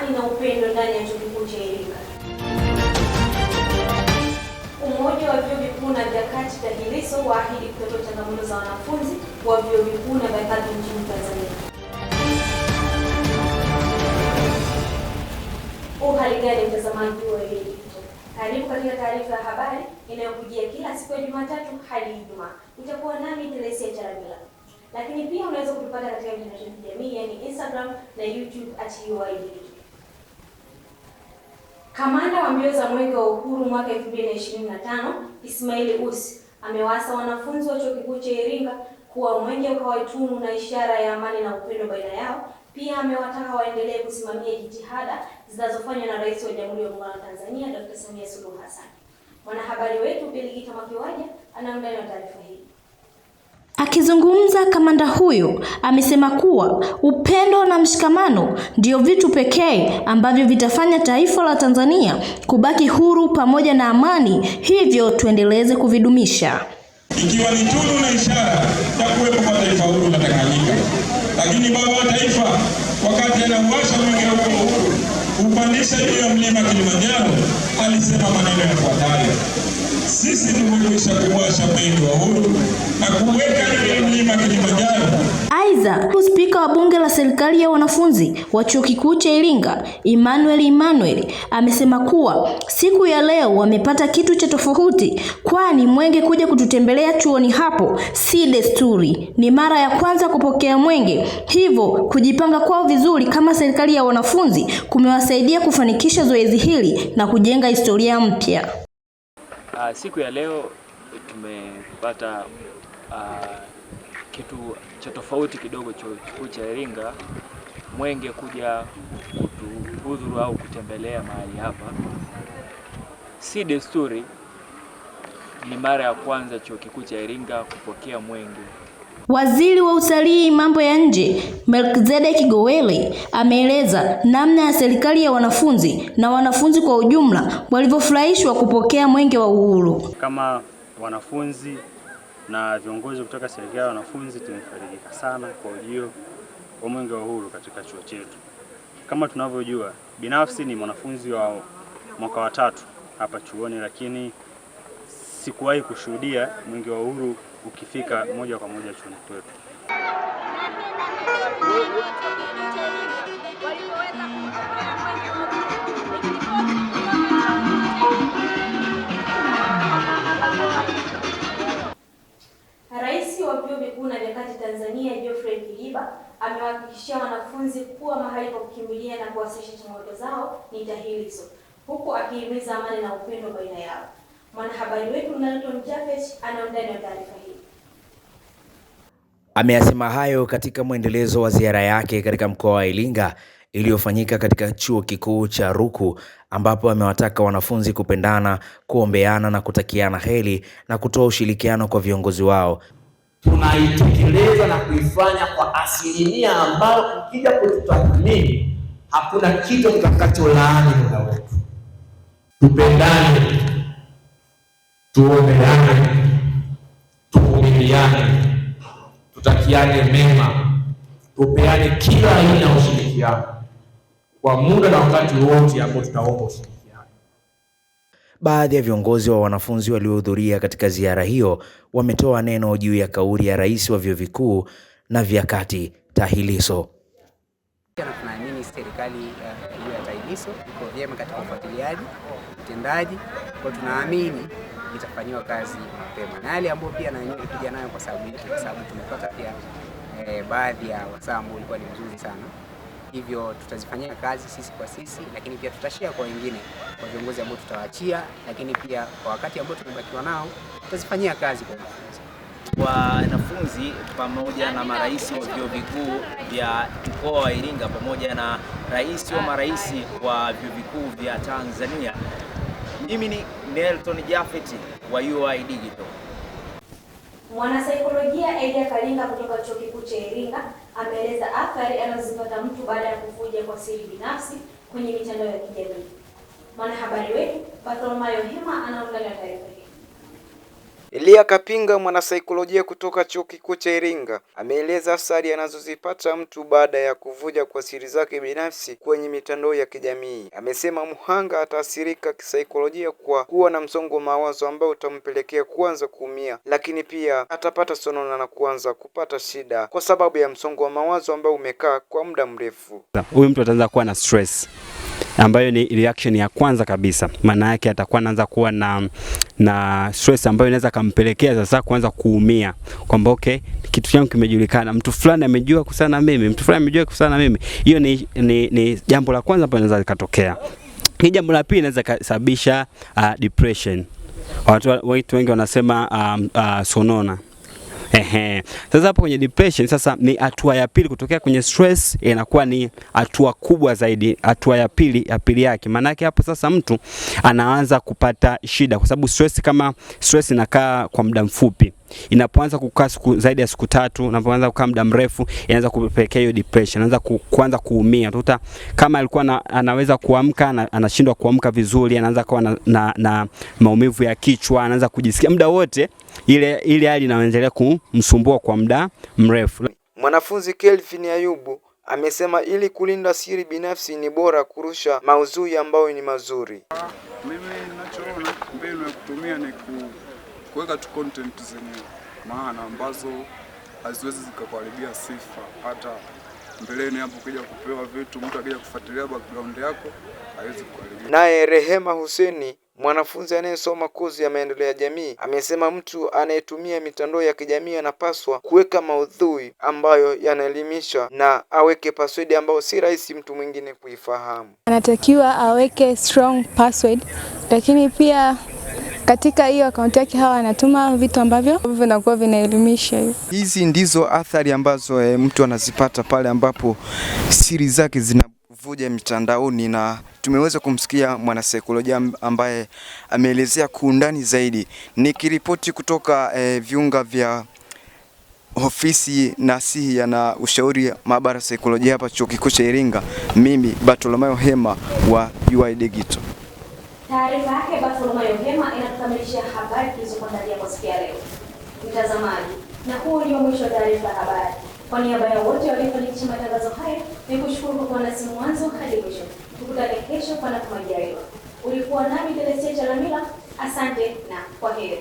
amani na upendo ndani ya chuo kikuu cha Iringa. Umoja wa vyuo vikuu na vya kati TAHILISO waahidi kutatua changamoto za wanafunzi wa vyuo vikuu na vya kati nchini Tanzania. Uhali gani mtazamaji wa Iringa, karibu katika taarifa ya habari inayokujia kila siku ya Jumatatu hadi Ijumaa. Nitakuwa nami Telesia Charamila lakini pia unaweza kutupata katika mitandao ya kijamii yaani Instagram na YouTube at UoI. Kamanda wa mbio za Mwenge wa Uhuru mwaka 2025 Ismail Usi amewaasa wanafunzi wa Chuo Kikuu cha Iringa kuwa mwenge watumu na ishara ya amani na upendo baina yao. Pia amewataka waendelee kusimamia jitihada zinazofanywa na Rais wa Jamhuri ya Muungano wa Tanzania Dr. Samia Suluhu Hassan. Mwanahabari wetu Biligita Makiwaja anaangalia taarifa hii. Akizungumza, kamanda huyo amesema kuwa upendo na mshikamano ndio vitu pekee ambavyo vitafanya taifa la Tanzania kubaki huru pamoja na amani, hivyo tuendeleze kuvidumisha ikiwa ni tunu na ishara ya kuwepo kwa taifa huru la Tanganyika. Lakini baba wa taifa wakati anauasha mwenge wa uhuru kupandisha juu ya mlima Kilimanjaro alisema maneno yafuatayo: sisi tumekwisha kuwasha mwenge wa uhuru na kuweka Aidha, spika wa bunge la serikali ya wanafunzi wa chuo kikuu cha Iringa Emmanuel Emmanuel amesema kuwa siku ya leo wamepata kitu cha tofauti, kwani mwenge kuja kututembelea chuoni hapo si desturi. Ni mara ya kwanza kupokea mwenge, hivyo kujipanga kwao vizuri kama serikali ya wanafunzi kumewasaidia kufanikisha zoezi hili na kujenga historia mpya. Ah, siku ya leo tumepata uh, kitu cha tofauti kidogo chuo kikuu cha Iringa Mwenge kuja kutuhudhuru au kutembelea mahali hapa. Si desturi, ni mara ya kwanza chuo kikuu cha Iringa kupokea Mwenge. Waziri wa utalii mambo ya nje melkizedek goweli ameeleza namna ya serikali ya wanafunzi na wanafunzi kwa ujumla walivyofurahishwa kupokea Mwenge wa Uhuru. Kama wanafunzi na viongozi kutoka serikali ya wanafunzi tumefarijika sana kwa ujio wa Mwenge wa Uhuru katika chuo chetu. Kama tunavyojua, binafsi ni mwanafunzi wa mwaka wa tatu hapa chuoni, lakini sikuwahi kushuhudia Mwenge wa Uhuru ukifika moja kwa moja chuoni kwetu. Tanzania Geoffrey Kiliba amewahakikishia wanafunzi kuwa mahali pa kukimbilia na kuwasilisha changamoto zao ni TAHLISO huku akihimiza amani na upendo baina yao. Mwanahabari wetu Nelton Jafet ana undani wa taarifa hii. Ameyasema hayo katika mwendelezo wa ziara yake katika mkoa wa Iringa iliyofanyika katika chuo kikuu cha Ruku ambapo amewataka wanafunzi kupendana, kuombeana na kutakiana heri na kutoa ushirikiano kwa viongozi wao tunaitekeleza na kuifanya kwa asilimia ambayo ukija kututathmini hakuna kitu tutakacholaani muda wetu. Tupendane, tuombeane, tuvumiliane, tutakiane mema, tupeane kila aina ya ushirikiano kwa muda na wakati wote ambao tutaomba ushirikiano. Baadhi ya viongozi wa wanafunzi waliohudhuria katika ziara hiyo wametoa neno juu ya kauli ya rais wa vyuo vikuu na vya kati TAHLISO. Tunaamini serikali eh, ya TAHLISO iko vyema katika ufuatiliaji utendaji, kwa tunaamini itafanyiwa kazi mapema, na yale ambayo pia nanyewe pija nayo kwa sababu hii, kwa sababu tumepata pia eh, baadhi ya wasaa ambao ulikuwa ni mzuri sana hivyo tutazifanyia kazi sisi kwa sisi, lakini pia tutashia kwa wengine, kwa viongozi ambao tutawaachia, lakini pia kwa wakati ambao tumebakiwa nao tutazifanyia kazi kwa wanafunzi wanafunzi pamoja na marais wa vyuo vikuu vya mkoa wa Iringa pamoja na rais wa marais wa vyuo vikuu vya Tanzania. Mimi ni Nelton Jafeti wa UoI Digital. Mwanasaikolojia Elia Kalinga kutoka Chuo Kikuu cha Iringa ameeleza athari anazozipata mtu baada ya kuvuja kwa siri binafsi kwenye mitandao ya kijamii. Mwanahabari wetu Bartholomayo Hema anaongelea taarifa. Elia Kapinga, mwanasaikolojia kutoka Chuo Kikuu cha Iringa, ameeleza athari anazozipata mtu baada ya kuvuja kwa siri zake binafsi kwenye mitandao ya kijamii. Amesema mhanga ataathirika kisaikolojia kwa kuwa na msongo wa mawazo ambao utampelekea kuanza kuumia, lakini pia atapata sonona na kuanza kupata shida kwa sababu ya msongo wa mawazo ambao umekaa kwa muda mrefu. Huyu mtu ataanza kuwa na stress ambayo ni reaction ya kwanza kabisa. Maana yake atakuwa anaanza kuwa na, na stress ambayo inaweza kampelekea sasa kuanza kuumia kwamba okay, kitu changu kimejulikana, mtu fulani amejua kusana mimi, mtu fulani amejua kusana mimi. Hiyo ni, ni, ni jambo la kwanza ambalo linaweza likatokea. Hii jambo la pili inaweza kusababisha uh, ah, depression. Watu wengi wanasema um, uh, sonona Ehe. Sasa hapo kwenye depression sasa ni hatua ya pili kutokea kwenye stress, inakuwa ni hatua kubwa zaidi, hatua ya pili ya pili yake. Maana yake hapo sasa mtu anaanza kupata shida, kwa sababu stress kama stress inakaa kwa muda mfupi inapoanza kukaa siku zaidi ya siku tatu, inapoanza kukaa muda mrefu, inaanza kupelekea hiyo depression, anaanza ku, kuanza kuumia. Utakuta kama alikuwa na, anaweza kuamka anashindwa kuamka vizuri, anaanza kuwa na, na, na maumivu ya kichwa, anaanza kujisikia muda wote ile ile hali inaendelea kumsumbua kwa muda mrefu. Mwanafunzi Kelvin Ayubu amesema ili kulinda siri binafsi ni bora kurusha maudhui ambayo ni mazuri. Mimi ninachoona mbinu ya kutumia ni kuweka tu content zenye maana ambazo haziwezi zikakuharibia sifa hata mbeleni hapo ukija kupewa vitu, mtu akija kufuatilia background yako haiwezi kukuharibia. Naye Rehema Huseni Mwanafunzi anayesoma kozi ya maendeleo ya jamii amesema mtu anayetumia mitandao ya kijamii anapaswa kuweka maudhui ambayo yanaelimisha na aweke password ambayo si rahisi mtu mwingine kuifahamu. Anatakiwa aweke strong password, lakini pia katika hiyo akaunti yake hawa anatuma vitu ambavyo vinakuwa vinaelimisha. Hiyo hizi ndizo athari ambazo e, mtu anazipata pale ambapo siri zake zina Vuja mitandaoni na tumeweza kumsikia mwanasaikolojia ambaye ameelezea kuundani zaidi. Nikiripoti kutoka e, viunga vya ofisi nasihi na ushauri maabara saikolojia hapa Chuo Kikuu cha Iringa, mimi Bartolomayo Hema wa UoI Digital. Taarifa yake Bartolomayo Hema inatukamilishia habari tulizokuandalia kwa siku ya leo, mtazamaji, na huo ndio mwisho wa taarifa habari. Kwa niaba ya wote waliofanikisha matangazo haya, ni kushukuru kwa kuwa nasi mwanzo hadi mwisho. Tukutane kesho, panapo majaliwa. Ulikuwa nami Teresia Chalamila, asante na kwa heri.